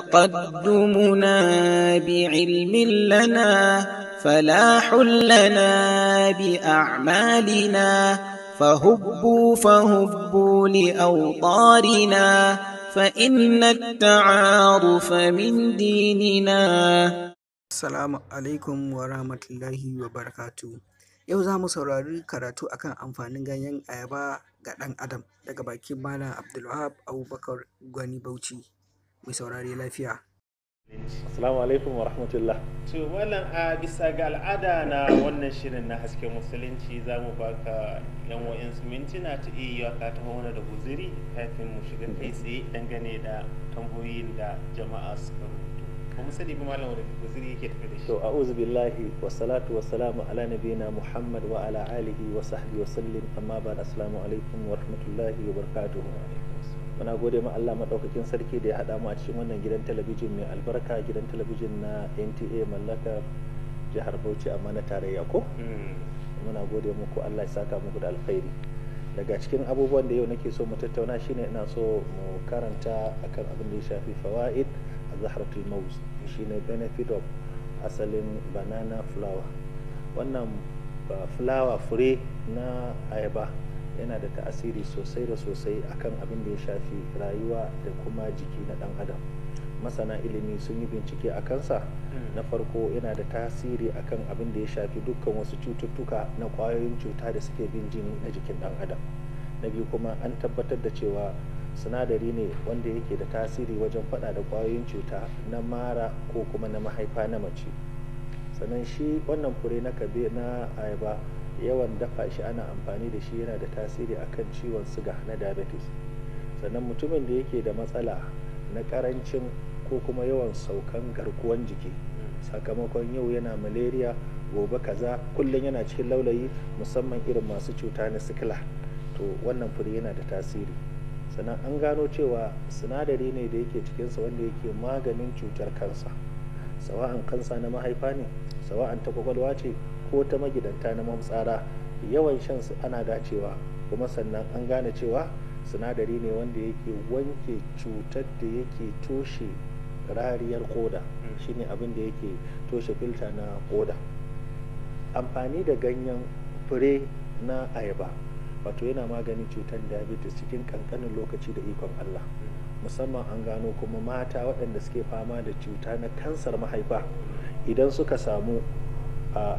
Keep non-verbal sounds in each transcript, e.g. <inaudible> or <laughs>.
تقدمنا بعلم لنا فلاح لنا بأعمالنا فهبوا فهبوا لأوطارنا فإن التعارف من ديننا السلام عليكم ورحمة الله وبركاته yau za mu saurari karatu akan amfanin ganyen ayaba ga ɗan adam daga bakin malam abdulwahab abubakar gwani bauchi mai saurari lafiya. Assalamu alaikum wa rahmatullah. To wannan a bisa ga al'ada na wannan shirin na haske musulunci za mu baka yan su mintuna ta iya waka ta hauna da guziri kafin mu shiga kai tsaye dangane da tambayoyin da jama'a suka rubuto. Ba mu sani ba malam da guziri yake tafi da shi. To a'udhu billahi wa salatu wa salamu ala nabiyina Muhammad wa ala alihi wa sahbihi wa sallim amma ba assalamu alaikum wa rahmatullahi wa barakatuhu. muna gode ma Allah maɗaukakin sarki da ya haɗa mu a cikin wannan gidan talabijin mai albarka gidan talabijin na NTA mallakar jihar Bauchi amma na tarayya ko hmm. muna gode muku Allah ya saka muku da alkhairi daga cikin abubuwan da yau nake so mu tattauna shine ina so mu karanta akan abin da ya shafi fawaid a zaharatul shine benefit of asalin banana flower wannan flower fure na ayaba yana da ta'asiri sosai da sosai akan abin da ya shafi rayuwa da kuma jiki na dan adam masana ilimi sun yi bincike a kansa mm. na farko yana da tasiri akan abin da ya shafi dukkan wasu cututtuka na kwayoyin cuta da suke bin jini na jikin dan adam na biyu kuma an tabbatar da cewa sinadari ne wanda yake da tasiri wajen fada da kwayoyin cuta na mara ko kuma na mahaifa na mace sannan shi wannan fure na kabe na ayaba yawan dafa shi ana amfani da shi yana da tasiri akan ciwon suga na diabetes sannan mutumin da yake da matsala na karancin ko kuma yawan saukan garkuwan jiki sakamakon yau yana malaria gobe kaza kullum yana cikin laulayi musamman irin masu cuta na sikila to wannan fure yana da tasiri sannan an gano cewa sinadari ne da yake cikinsa wanda yake maganin cutar kansa sawa'an kansa na mahaifa ne sawa'an ta kwakwalwa ce ko ta magidanta na mamtsara yawan shan su ana dacewa kuma sannan an gane cewa sinadari ne wanda yake wanke cutar da yake toshe rariyar koda mm. shine abin da yake toshe filta na koda amfani da ganyen fure na ayaba wato yana maganin cutar diabetes cikin kankanin lokaci da ikon allah mm. musamman an gano kuma mata waɗanda suke fama da cuta na kansar mahaifa idan suka samu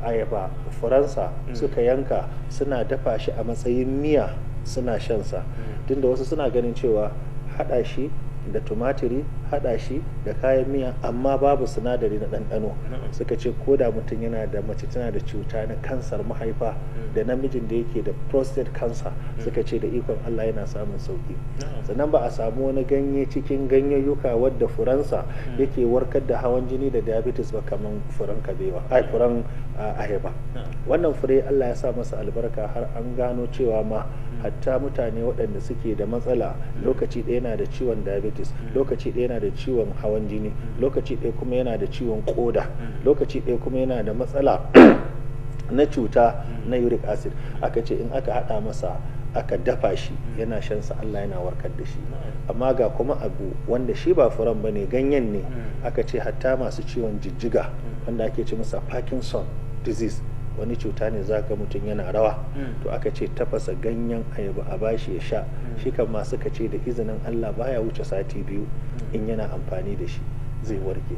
ayaba faransa mm. suka yanka suna dafa shi a matsayin miya suna shansa mm. tunda wasu suna ganin cewa haɗa shi da tumatiri hada shi da kayan miya amma babu sinadari na ɗanɗano suka ce ko da mutum yana da mace tana da cuta na kansar mahaifa hmm. da namijin da yake da prostate cancer hmm. suka ce da ikon Allah yana samun sauki hmm. sannan ba a samu wani ganye cikin ganyayyuka wadda furansa yake warkar da hawan jini da diabetes ba kamar furan kabewa ai furan ah, ayaba wannan fure Allah ya sa masa albarka har an gano cewa ma hatta mutane waɗanda suke da matsala lokaci ɗaya yana da ciwon diabetes lokaci ɗaya yana da ciwon hawan jini lokaci ɗaya kuma yana da ciwon koda lokaci ɗaya kuma yana da matsala <clears throat> na cuta na uric acid aka ce in aka haɗa masa aka dafa shi yana shan sa Allah yana warkar da shi amma ga kuma abu wanda shi ba furan ba ne ganyen ne aka ce hatta masu ciwon jijjiga wanda ake ce masa parkinson disease wani cuta ne za ka mutum yana rawa hmm. to aka ce tafasa ganyen ayaba a bashi ya sha hmm. shi kan ma suka ce da izinin Allah baya wuce sati biyu hmm. in yana amfani da shi zai warke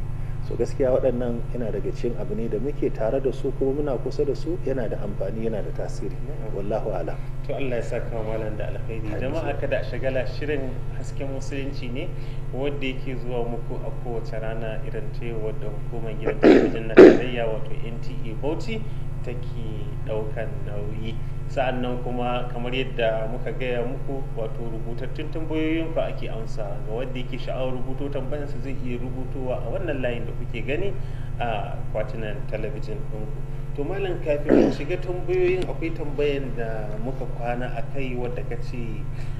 so gaskiya waɗannan yana daga cikin abu ne da muke tare da su kuma muna kusa da su yana da amfani yana da tasiri wallahu ala to Allah ya saka malam da alkhairi jama'a kada a shagala shirin hasken musulunci ne wanda yake zuwa muku a kowace rana irin ta wadda hukumar gidan talabijin na tarayya wato NTA Bauchi take ɗaukan nauyi sa'annan kuma kamar yadda muka gaya muku wato rubutattun tambayoyin ku ake amsa ga wanda yake sha'awar rubuto tambayarsa zai iya rubutowa a wannan layin da kuke gani a kwatunan talabijin ɗinku to malam kafin mu shiga tambayoyin akwai tambayan da muka kwana a kai wadda ka ce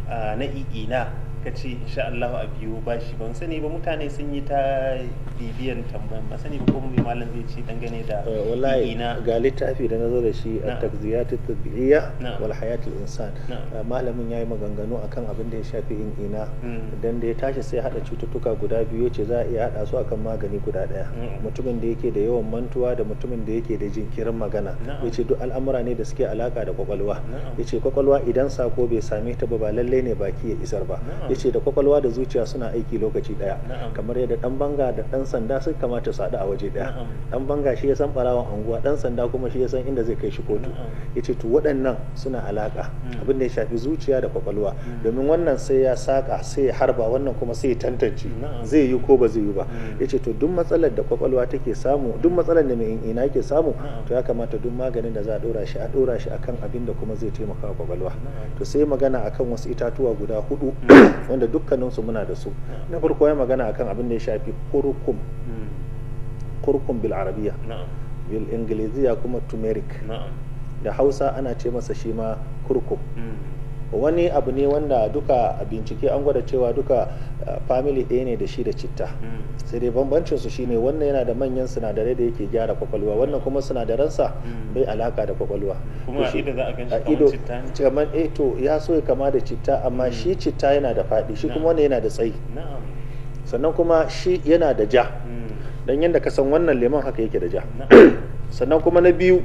na iina e e ka ce insha Allah a biyo ba shi ba sani ba mutane sun yi ta bibiyan tambayan ba sani ba ko mai malam zai ce dangane da eh, wallahi ga littafi da nazo da shi a takziyatu tabi'iyya wal hayatul insan eh, malamin yayi maganganu akan abin da ya shafi in ina hmm. dan da ya tashi sai hada cututtuka guda biyu ce za a iya hada su akan magani guda daya hmm. mutumin da yake da yawan mantuwa da mutumin da yake da jinkirin magana yace duk al'amura ne da suke alaka da kwakwalwa yace kwakwalwa idan sako bai same ta ba ba lalle ne baki ya isar ba yace da kwakwalwa da zuciya suna aiki lokaci daya kamar yadda dan banga da dan sanda suka kamata su haɗu a waje daya dan banga shi ya san barawan anguwa dan sanda kuma shi ya san inda zai kai shi kotu yace to waɗannan suna alaka hmm. abin da ya shafi zuciya da kwakwalwa hmm. domin wannan sai ya saka sai ya harba wannan kuma sai ya tantance zai yi ko ba zai yi ba hmm. yace to duk matsalar da kwakwalwa take samu duk matsalar da mai ina yake samu to ya kamata duk maganin da za a dora shi a dora shi akan abin da kuma zai taimaka kwakwalwa to sai magana akan wasu itatuwa guda hudu wanda dukkaninsu muna da su na farko ya magana akan abin da ya shafi kurkum kurkum bil arabiya bil ingiliziya kuma turmeric da hausa ana ce masa shi ma kurkum hmm. wani abu ne wanda duka bincike an gwada cewa duka eh, family ɗaya ne da shi da citta mm. sai dai bambancin su shine wannan yana da manyan sinadarai da yake gyara kwakwalwa wannan kuma sinadaransa mm. bai alaka da kwakwalwa kuma a ido za a ganshi kamar citta ne kamar eh to ya so ya kama da citta amma mm. shi citta yana da faɗi shi kuma wannan yana da tsayi sannan kuma shi yana da ja dan yadda ka san wannan lemon haka yake da ja <coughs> sannan kuma na biyu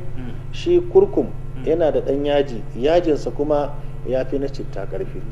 shi kurkum yana da ɗan yaji yajinsa kuma ya fi na citta ƙarfi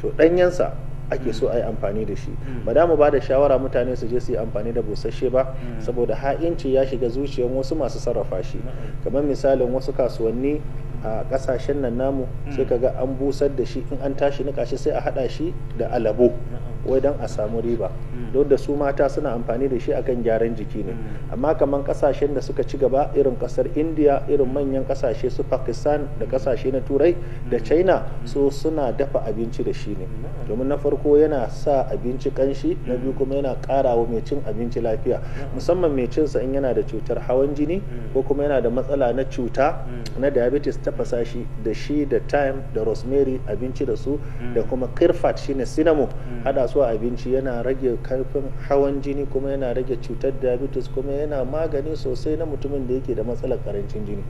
to ɗanyensa ake so a yi amfani da shi ba da mu ba da shawara mutane su je su yi amfani da busasshe ba saboda ha'inci ya shiga zuciyar wasu masu sarrafa shi kamar misalin wasu kasuwanni a kasashen nan namu hmm. sai ka ga an busar da shi in an tashi nika shi sai a hada shi da alabo hmm. wai don a samu riba hmm. don da su mata suna amfani da shi akan gyaran jiki ne amma kamar kasashen da suka ci gaba irin kasar india irin manyan kasashe su pakistan da kasashe na turai da china so suna dafa abinci da shi ne domin na farko yana sa abinci kanshi na biyu kuma yana kara wa mai cin abinci lafiya musamman mai cinsa in yana da cutar hawan jini ko kuma yana da matsala na cuta na diabetes tafasa shi da shi da thyme da rosemary abinci da su mm. da kuma kirfat shine sinamo mm. hada su a abinci yana rage karfin hawan jini kuma yana rage cutar diabetes kuma yana magani sosai na mutumin da yake da matsalar karancin jini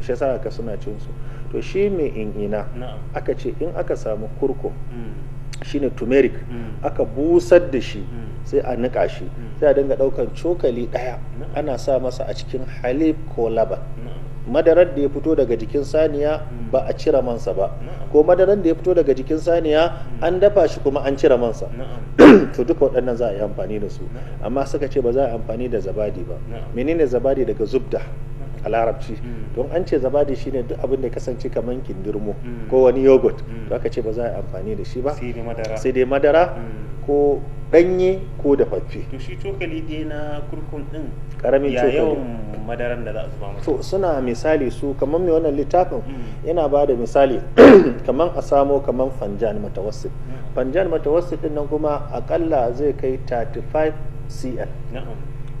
shi yasa aka suna cin su to shi mai in ina aka ce in aka samu shi mm. shine turmeric aka busar da shi sai a nika shi sai a dinga ɗaukan cokali ɗaya ana sa masa a cikin halib ko laban madarar da ya fito daga jikin saniya ba a cire mansa ba ko madarar da ya fito daga jikin saniya mm. an dafa shi kuma an cire mansa <clears throat> to duka waɗannan za a yi amfani da su amma suka ce ba za a yi amfani da zabadi ba menene zabadi daga zubda a larabci mm. don an ce zabadi shine duk abin da kasance kamar kindirmo mm. ko wani yogurt to aka ce ba za a yi amfani da shi ba sai dai madara ko ɗanye ko dafaffe to shi cokali dai na kurkun ɗin karamin cokali yawan madaran da za a zuba to suna misali su kamar mai wannan littafin hmm. yana ba da misali <coughs> kamar a samo kamar fanjan matawassit hmm. fanjan matawassit din nan kuma akalla zai kai 35 cl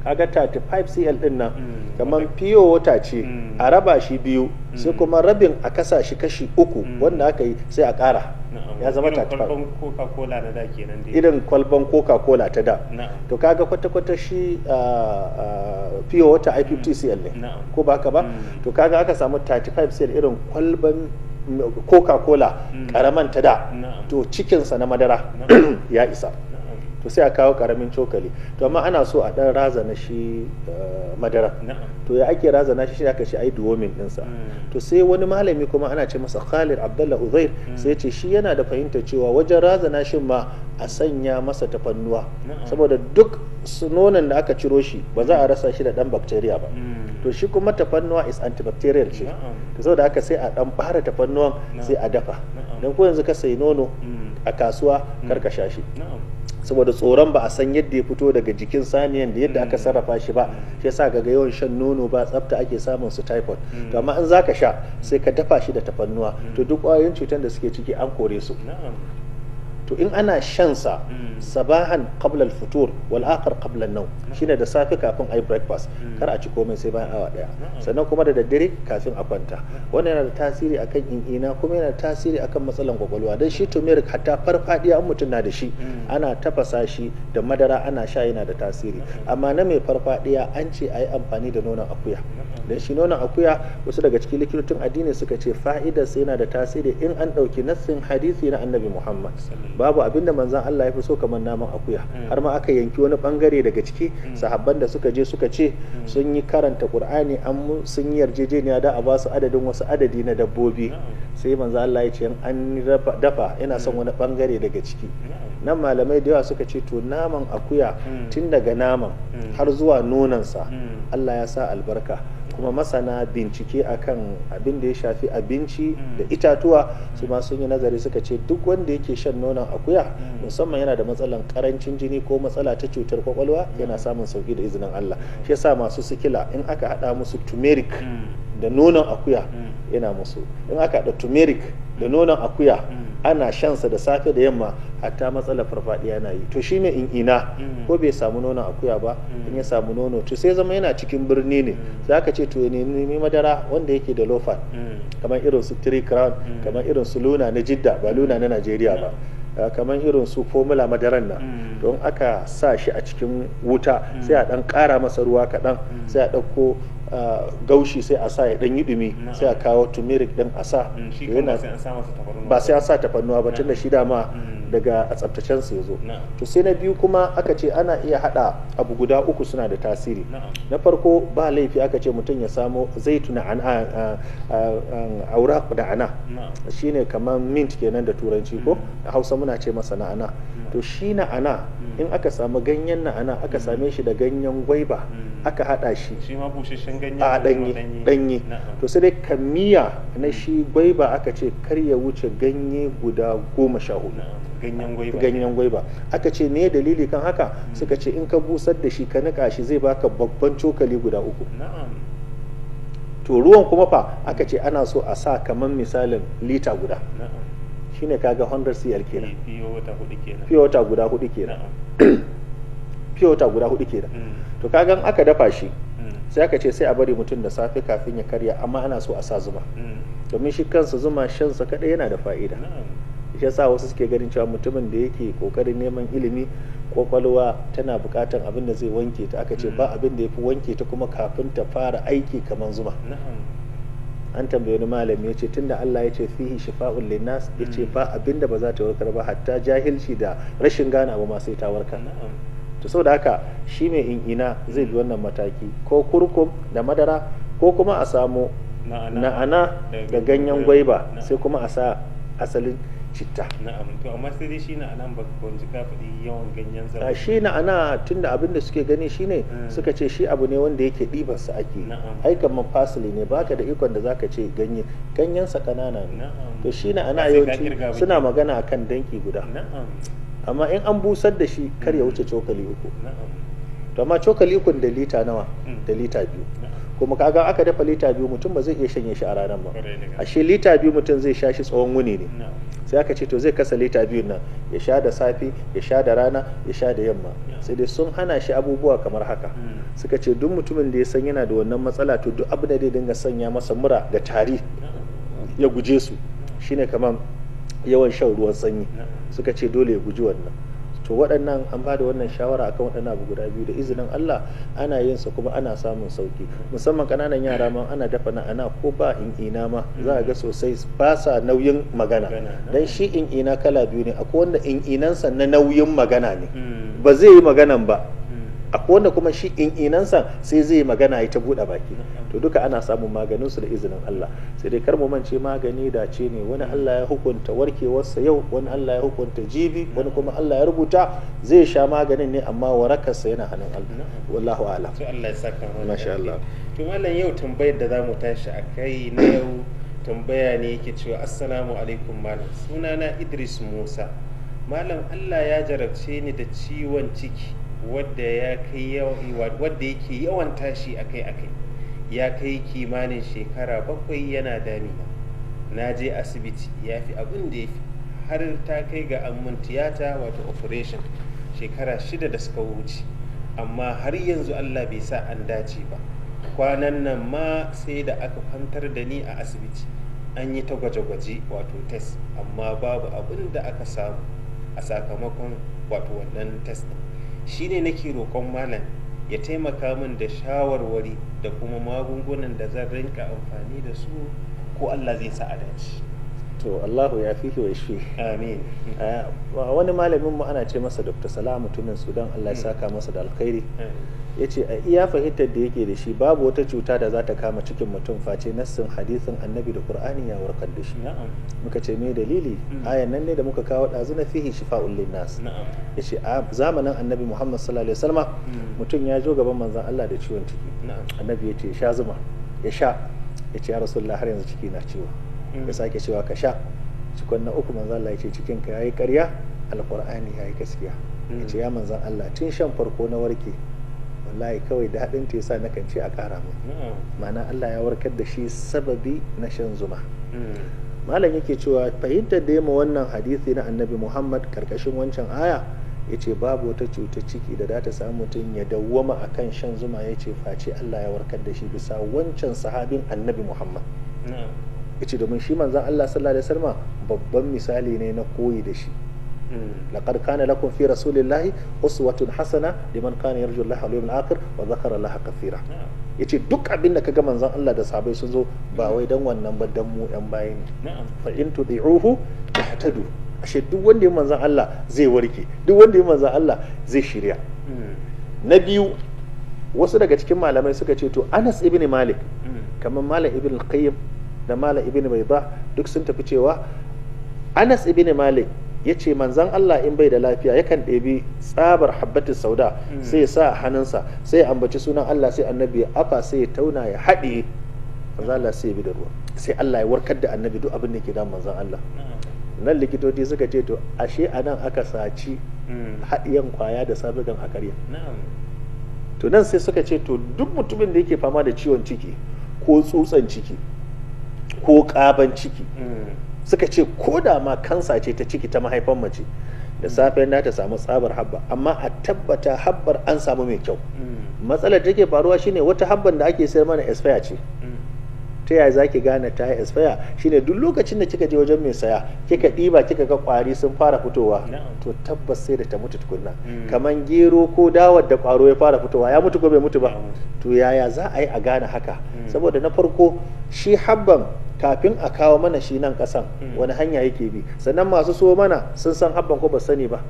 kaga 35 cl din nan hmm. kamar fiyo wata ce a raba shi biyu sai kuma rabin a kasa shi kashi uku wanda aka yi sai a ƙara. ya zama tatifa irin kwalban coca-cola da da nan dai irin kwalban coca-cola ta da to kaga kwata-kwata shi fiye ah, ah, wata i 50 ne ko ba haka ba mm. to kaga aka samu 35cl irin kwalban coca-cola karaman mm. ta da to cikinsa na madara <clears throat> ya isa to sai a kawo karamin cokali to amma ana so a dan razana shi eh, madara to ya ake razana shi shi aka ce ai duwomin dinsa mm. to sai wani malami kuma ana ce masa Khalid Abdullah Uzair mm. sai ya ce shi yana da fahimta cewa wajen razana shi ma a sanya masa tafannuwa saboda duk nonon da aka ciro shi ba za a mm. rasa shi da dan bacteria ba to shi kuma tafannuwa is antibacterial ce to saboda aka sai a dan bara tafannuwan sai a dafa dan ko yanzu ka sai nono a kasuwa mm. karka sha shi saboda tsoron ba a san yadda ya fito daga jikin saniyan da yadda aka mm. sarrafa shi ba mm. shi yasa ga yawan shan nono ba tsafta ake samun su typhoid to amma in zaka sha sai ka dafa shi da tafannuwa to duk ƙwayoyin cutar da suke ciki an kore su to in ana shan sa mm. sabahan qabla al-futur wal akhar qabla an-nawm mm. da safe kafin yi breakfast mm. kar a ci komai sai bayan awa daya sannan kuma da daddare kafin a kwanta wannan yana da tasiri akan in'ina kuma yana da tasiri akan matsalan kwakwalwa dan shi turmeric hatta farfadiya an mutum na da shi ana tafasa shi da madara ana sha yana da tasiri amma na mai farfadiya an ce yi amfani da nonon akuya dan shi nonon akuya wasu daga cikin likitocin addini suka ce fa'idarsa yana da tasiri in an ɗauki nassin hadisi na annabi Muhammad babu abinda manzan Allah ya fi so kamar naman akuya mm. har ma aka yanki wani bangare daga ciki mm. sahabban da suka je suka ce mm. sun yi karanta Qur'ani an sun yi yarjejeniya da a ba su adadin wasu adadi na dabbobi sai manzan Allah ya ce an dafa ina son wani bangare daga ciki nan malamai da yawa suka ce to naman akuya tun daga naman har zuwa nonansa Allah ya sa albarka kuma masana bincike akan abin da ya shafi abinci mm. da itatuwa su ma sun yi nazari suka ce duk wanda yake shan nonon akuya mm. musamman yana da matsalan karancin jini ko matsala ta cutar kwakwalwa yana mm. samun sauki da izinin Allah shi yasa masu sikila in aka hada musu turmeric da nonon akuya yana mm. musu in aka da turmeric da nonon akuya mm. ana shansa da safe da yamma hatta matsalar farfadiya yana yi to shi ne in ina mm. ko bai samu nonon akuya ba in ya samu nono to sai zama yana cikin birni ne za ka ce to ya nemi madara wanda yake da low kamar irin su three crown kamar irin su luna na jidda ba luna na najeriya ba Eh, kamar irin su formula madaran nan mm. don aka sa shi a cikin wuta mm. sai a dan kara masa ruwa kadan mm. sai a dauko eh, gaushi sai a sa ya dan yi dumi sai a kawo turmeric din a sa ba sai a sa tafarnuwa ba tunda shi dama daga a tsabtacen su yazo to sai na biyu kuma aka ce ana iya hada abu guda uku suna da tasiri na farko ba laifi aka ce mutum ya samo zaituna an aura da ana shine kamar mint kenan da turanci ko mm. a hausa muna ce masa ana to shi na ana mm. in aka samu ganyen na ana aka mm. same shi da ganyen gwaiba aka hada shi shi ma ganyen a ɗanyi ɗanyi to sai dai kamiya na shi gwaiba aka ce kar ya wuce ganye guda goma sha hudu ganyen gwaiba aka ce ne dalili kan haka hmm. suka ce in ka busar da shi ka nika shi zai baka babban cokali guda uku to ruwan kuma fa aka ce ana so a sa kamar misalin lita guda shine kaga 100 cl kenan fiye wata guda hudu kenan fiye <clears throat> wata guda hudu kenan hmm. to kagan aka dafa shi hmm. sai aka ce sai a bari mutum da safe kafin ya karya amma ana so a sa zuma domin shi kansa zuma shansa kadai yana da fa'ida shi yasa wasu suke ganin cewa mutumin da yake kokarin neman ilimi kwakwalwa tana bukatan abin da zai wanke ta aka ce ba mm. abin da ya fi wanke ta kuma kafin ta fara aiki kamar zuma an tambayi wani malami ya ce tunda Allah ya ce fihi shifa'un linnas ya ce mm. ba abin da ba za ta warkar ba hatta jahilci da rashin gane abu ma sai ta warkar to saboda haka shi mai ina zai bi wannan mataki ko kurkum da madara ko kuma a samu na'ana da ganyen gwaiba sai kuma a sa asalin citta na'am to amma sai dai shine anan ba kwanci ka faɗi yawan ganyen zabo a shine ana tunda abin da suke gani shine eh. suka ce shi abu ne wanda yake ɗiban sa ake ai kamar fasili ne baka da ikon da zaka ce ganye ganyen sa kanana ne to shine ana yawanci suna magana akan danki guda amma in an busar da shi kar ya hmm. wuce cokali uku to amma cokali uku da lita nawa hmm. da lita biyu kuma kaga aka dafa lita biyu mutum ba zai iya shanye shi a ranar ba ashe lita biyu mutum zai sha shi tsawon wuni ne sai aka ce to zai kasa lita biyu nan ya sha da safi ya sha da rana ya sha da yamma sai dai sun hana shi abubuwa kamar haka hmm. suka ce duk mutumin da ya san yana da wannan matsala to duk abu da zai dinga sanya masa mura da tari ya guje su shine kamar yawan shan ruwan sanyi suka ce dole ya guji wannan to waɗannan an ba da wannan shawara akan waɗannan abu guda biyu da izinin Allah ana yin sa kuma ana samun sauki musamman kananan yara ma ana dafa na ana ko ba in ina ma za a ga sosai ba sa nauyin magana dan shi in ina kala biyu ne akwai wanda in inansa na nauyin magana ne hmm. ba zai yi maganan ba a wanda kuma shi in'inansa sai zai magana ya ta buɗe baki to duka ana samun maganin su da izinin Allah sai dai kar mu mance magani da ce ne wani Allah ya hukunta warkewarsa yau wani Allah ya hukunta jibi wani kuma Allah ya rubuta zai sha maganin ne amma warakarsa yana hannun Allah wallahu a'lam to Allah ya saka masha Allah to mallan yau tambayar da zamu tashi akai na yau tambaya ne yake cewa assalamu alaikum malam sunana Idris Musa malam Allah ya jarabce ni da ciwon ciki wadda ya kai wadda yake yawan tashi akai akai ya kai kimanin shekara bakwai yana damina na je asibiti ya fi abin da ya fi har ta kai ga amman tiyata wato operation shekara shida da suka wuce amma har yanzu allah bai sa an dace ba kwanan nan ma sai da aka kwantar da ni a asibiti an yi ta gwaje-gwaje wato test amma babu abin da aka samu a sakamakon wato wannan test din Shi ne nake roƙon malam ya taimaka min da shawarwari da kuma magungunan da zan rinka amfani da su ko Allah zai sa a dace to Allahu ya fi wa shi amin <laughs> eh, wani malamin mu ana ce masa Dr. Salah mutumin Sudan Allah ya hmm. saka masa da alkhairi ya ce a iya fahimtar da yake da shi babu wata cuta da za ta kama cikin mutum face nassin hadisin annabi da qur'ani ya warkar da shi muka ce me dalili hmm. ayan nan ne da muka kawo ɗazu na fihi shifa'un nasu ya ce a zamanin annabi muhammad sallallahu alaihi wasallam hmm. mutum ya zo gaban manzon allah da ciwon ciki annabi ya ce sha zuma ya sha ya ce ya rasulullah har yanzu ciki na ciwo ya mm. sake cewa ka sha cikon na uku manzan Allah ya ce cikin ka karya ƙarya ya yayi gaskiya ya ce mm. ya manzan Allah tun shan farko na warke wallahi kawai da haɗin ta yasa kan ce a ƙara mu mm. ma'ana Allah ya warkar da shi sababi na shan zuma malam yake cewa fahimtar da yamma wannan hadisi na annabi Muhammad karkashin wancan aya ya ce babu wata cuta ciki da za ta samu mutum ya dawwama a kan shan zuma ya ce face Allah ya warkar da shi bisa wancan sahabin annabi Muhammad yace domin shi manzan Allah sallallahu alaihi wasallam babban misali ne na koyi da shi hmm. laqad kana lakum fi rasulillahi uswatun hasana liman kana yarju Allah wal yawmil akhir wa dhakara Allah kathira ah. yace duk abin da ga manzan Allah da sahabbai sun zo ba wai dan wannan ba dan mu yan bayi ne fa in tudi'uhu tahtadu ashe duk wanda ya manzan Allah zai warke duk wanda ya manzan Allah zai shirya hmm. na biyu wasu daga cikin malamai suka ce to Anas ibn Malik hmm. kamar Malam ibn da malam ibn bai ba duk sun tafi cewa anas ibn Mali ya ce manzan Allah in bai da lafiya yakan ɗebi tsabar habbatin sauda hmm. sai ya sa hannunsa sai ya ambaci sunan Allah sai annabi ya afa sai ya tauna ya haɗe manzan Allah sai ya bi da ruwa sai Allah ya warkar da annabi duk abin da ke damun manzan Allah hmm. nan likitoci suka ce to ashe a nan aka saci hmm. haɗiyan kwaya da sabigan a karya to nan sai suka ce to duk mutumin da yake fama da ciwon ciki ko tsutsan ciki ko ƙaban ciki suka ce ko da ma kansa ce ta ciki ta mahaifan mace da safe na ta samu tsabar habba amma a tabbata habbar an samu mai kyau mm. matsalar da take faruwa shine wata habban da ake sayar mana expire ce ta yaya zaki gane ta yi shi shine duk lokacin da kika je wajen mai saya kika ɗiba kika ga kwari sun fara fitowa to tabbas sai da ta mutu tukunna mm. kaman gero ko dawar da kwaro ya fara fitowa ya mutu ko bai mutu ba to yaya za a yi a gane haka mm. saboda na farko shi habban kafin a kawo mana shi nan kasan mm. wani hanya yake bi sannan masu so mana sun san habban ko ba sani ba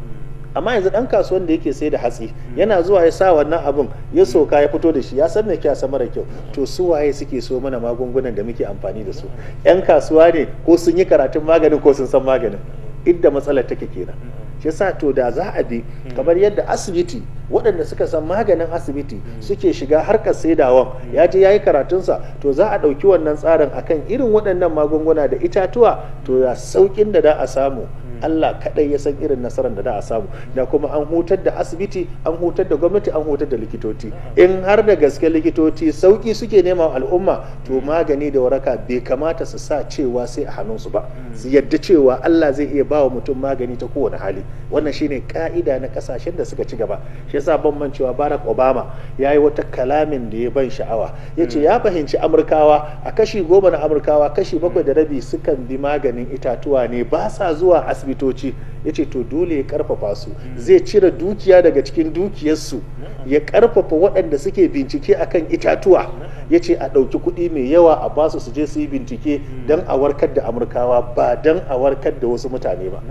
amma yanzu dan kasuwan da yake sai da hatsi yana zuwa ya sa wannan abun ya soka ya fito da shi ya san me kyasa mara kyau to su waye suke so mana magungunan da muke amfani da su yan kasuwa ne ko sun yi karatun maganin ko sun san maganin idda matsalar take kenan shi yasa to da za a bi kamar yadda asibiti waɗanda suka san maganin asibiti suke shiga harkar saidawan ya je ya yi karatunsa to za a ɗauki wannan tsarin akan irin waɗannan magunguna da itatuwa to ya saukin da za a samu Allah kaɗai ya san irin nasarar da da a samu da kuma an hutar da asibiti an hutar da gwamnati an hutar da likitoci in har da gaske likitoci sauki suke nema al'umma to magani da waraka bai kamata su sa cewa sai a su ba su yadda cewa Allah zai iya bawa mutum magani ta kowane hali wannan shine ka'ida na kasashen da suka ci gaba shi yasa ban mancewa Barack Obama ya yi wata kalamin da ya ban sha'awa ya ce ya fahimci Amurkawa a kashi goma na Amurkawa kashi bakwai da rabi sukan bi maganin itatuwa ne ba sa zuwa asibiti asibitoci ya ce to dole ya karfafa su zai cire dukiya daga cikin dukiyarsu ya karfafa waɗanda suke bincike akan itatuwa ya ce a ɗauki kuɗi mai yawa a basu su je su yi bincike don a warkar da amurkawa ba don a warkar da wasu mutane ba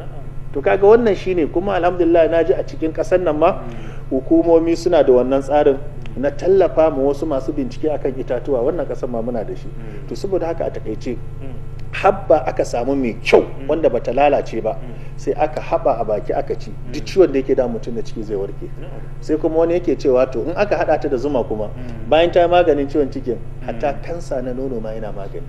to kaga wannan shine kuma alhamdulillah na ji a cikin ƙasar nan ma hukumomi suna da wannan tsarin na tallafa ma wasu masu bincike akan itatuwa wannan ƙasar ma muna da shi to saboda haka a takaice habba aka samu mai kyau mm. wanda bata lalace ba mm. sai aka haba a baki aka ci duk mm. ciwon da yake da mutum da ciki zai warke sai kuma wani yake cewa to in aka hada ta da zuma kuma bayan ta maganin ciwon cikin hatta kansa na nono ma yana magani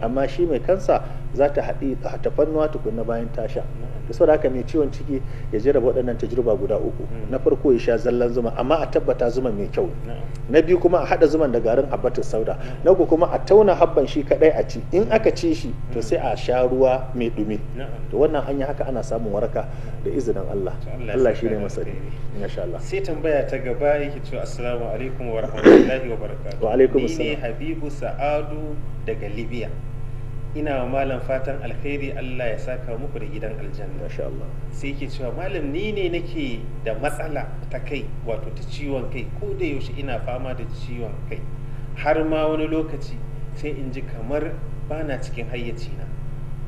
amma shi mai kansa za ta haɗi ta fannuwa tukunna bayan ta sha da saboda haka mai ciwon ciki ya jarraba waɗannan tajruba guda uku hmm. na farko ya sha zallan zuma amma a tabbata zuma mai kyau hmm. na biyu kuma a haɗa zuman da garin habbatin sauda hmm. na uku kuma a tauna habban shi kaɗai a ci in aka ci shi to sai a sha ruwa mai ɗumi to wannan hanya haka ana samun waraka da izinin Allah Allah shi ne masani insha Allah sai tambaya ta gaba yake to assalamu alaikum wa rahmatullahi wa barakatuh wa alaikum assalam ne Habibu Sa'adu daga Libya ina wa malam fatan alkhairi Allah ya saka muku da gidan aljanna masha Allah sai yake cewa malam ni ne nake da matsala ta kai wato ta ciwon kai ko da yaushe ina fama da ciwon kai har ma wani lokaci sai in ji kamar bana cikin hayyaci na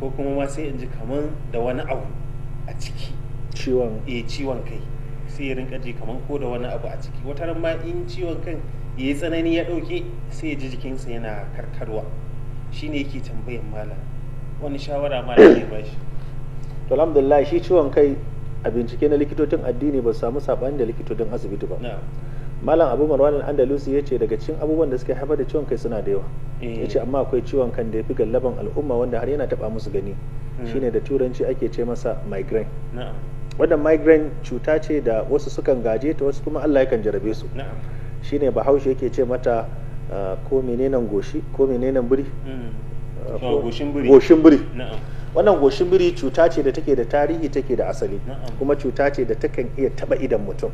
ko kuma ma sai in ji kamar da wani abu a ciki ciwon eh ciwon kai sai ya rinka ji kamar ko da wani abu a ciki wata ma in ciwon kan yayi tsanani ya dauke sai ya ji jikinsa yana karkarwa shine yake tambayan malam wani shawara malam ne bashi to alhamdulillah shi ciwon kai a bincike na likitocin addini ba su samu sabani da likitocin asibiti ba malam abu marwan andalusi ya ce daga cikin abubuwan da suke haifar da ciwon kai suna da yawa eh. ya amma akwai ciwon kan da ya fi gallaban al'umma wanda har yana taba musu gani hmm. shine da turanci ake ce masa migraine wannan migraine cuta ce da wasu sukan gaje ta wasu kuma allah yakan jarabe su shine bahaushe yake ce mata Ah, ko goshi ko hmm. ah, biri goshin biri wannan goshin biri cuta ce da take da tarihi take da asali kuma cuta ce da takan iya taba idan mutum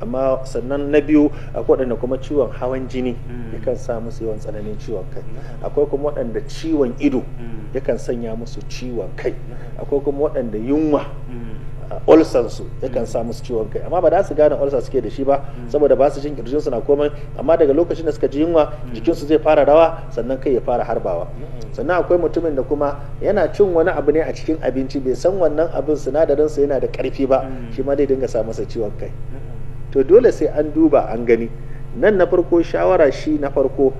amma sannan na biyu akwai waɗanda kuma ciwon hawan jini hmm. yakan sa musu yawan tsananin ciwon kai akwai kuma waɗanda ciwon ido hmm. yakan sanya musu ciwon kai akwai kuma waɗanda yunwa ulcer su yakan sa musu ciwon kai amma ba za su gane ulcer suke da shi ba saboda ba su jin kirjin su na komai amma daga lokacin da suka ji yunwa jikin su zai fara rawa sannan kai ya fara harbawa sannan akwai mutumin da kuma yana cin wani abu ne a cikin abinci bai san wannan abin sinadarin sa yana da karfi ba shi ma zai dinga sa masa ciwon kai to dole sai an duba an gani nan na farko shawara shi na farko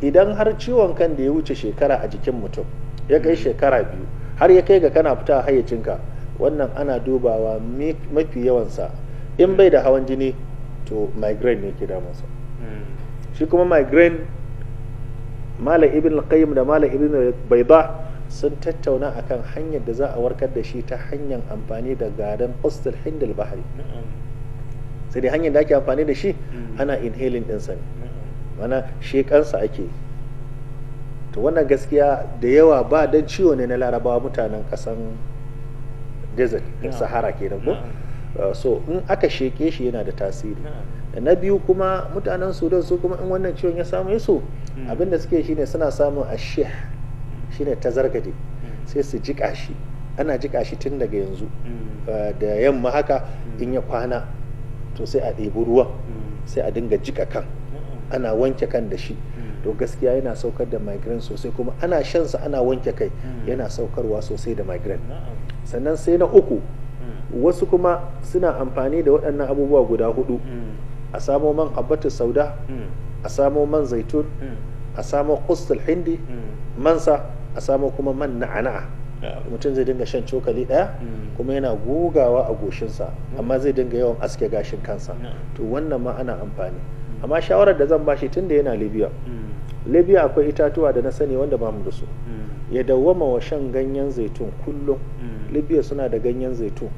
idan har ciwon kan da ya wuce shekara a jikin mutum ya kai shekara biyu har ya kai ga kana fita hayyacinka wannan ana dubawa mafi yawansa in bai da hawan jini to migraine ne ke damunsa shi kuma migraine malam ibn qayyim da malam ibn baida sun tattauna akan hanyar da za a warkar da shi ta hanyar amfani da gadon hostel hindal bahari sai dai hanyar da ake amfani da shi mm. ana inhaling ɗinsa ne mana shekansa ake to wannan gaskiya da yawa ba don ciwo ne na larabawa mutanen kasan desert sahara kenan ko uh, so in aka sheke shi yana da tasiri na biyu kuma mutanen sudan su kuma in wannan ciwon ya samu ya so hmm. abinda suke shine suna samun hmm. ne ta tazargade hmm. sai su jika shi ana jika shi tun daga yanzu uh, da yamma haka in ya kwana to sai a ɗebi ruwan sai a dinga jika kan ana wanke kan da shi to gaskiya yana saukar da migraine sosai kuma ana shansa ana wanke kai yana saukarwa sosai da migraine sannan sai na uku hmm. wasu kuma suna amfani da waɗannan abubuwa guda hudu hmm. a samo man habbatu sauda hmm. a samo man zaitun a samo kustul hindi mansa a samo kuma man na'ana'a mutum zai dinga shan cokali ɗaya kuma yana gugawa a goshinsa amma zai dinga yawan aske gashin kansa to wannan ma ana amfani amma shawarar da zan bashi da yana libya libya akwai itatuwa da na sani wanda bamu da su ya dawwama wa shan ganyen zaitun kullum mm. libya suna da ganyen zaitun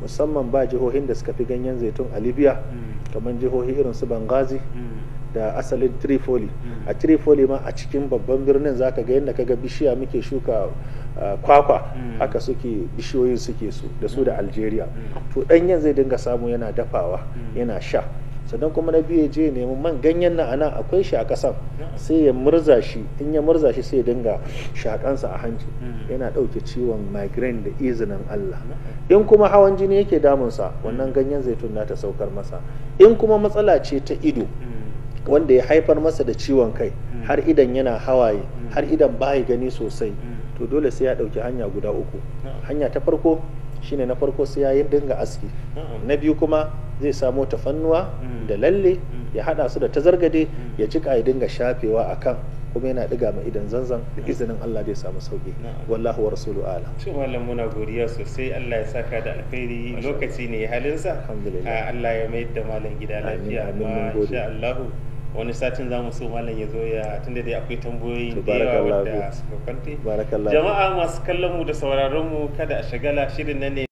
musamman ba jihohin da suka fi ganyen zaitun a libya mm. kamar jihohi irin su bangazi mm. da asalin trifoli a trifoli ma a cikin babban birnin zaka ga yadda kaga bishiya muke shuka kwakwa haka suke bishiyoyin suke su da su da algeria to ɗanyen zai dinga samu yana dafawa yana sha sannan kuma na biyu ya je nemi man ganyen nan ana akwai shi a kasan sai ya murza shi in ya murza shi sai ya dinga shakansa a hanci mm. yana ɗauke ciwon migraine da izinin Allah in kuma hawan jini yake damunsa wannan mm. ganyen zaitun na ta saukar masa in kuma matsala ce ta ido mm. wanda ya haifar masa da ciwon kai har idan yana hawaye har idan bai gani sosai to dole sai ya ɗauki hanya guda uku hanya ta farko shine na farko sai ya dinga aski na biyu kuma zai samo tafannuwa mm. da lalle mm. ya hada su da zargade mm. ya cika ya dinga shafewa a kan kuma yana diga ma idan zanzan izinin Allah zai samu sauki wallahu wa rasulu ala shi mallam muna godiya sosai Allah ya saka da alkhairi lokaci ne halinsa alhamdulillah ah, Allah ya mayar da malam gida lafiya ma insha Allah wani satin za mu so malam ya zo ya tunda dai akwai tambayoyi da yawa wadda suka kwanta jama'a masu kallon mu da sauraron mu kada a shagala shirin na ne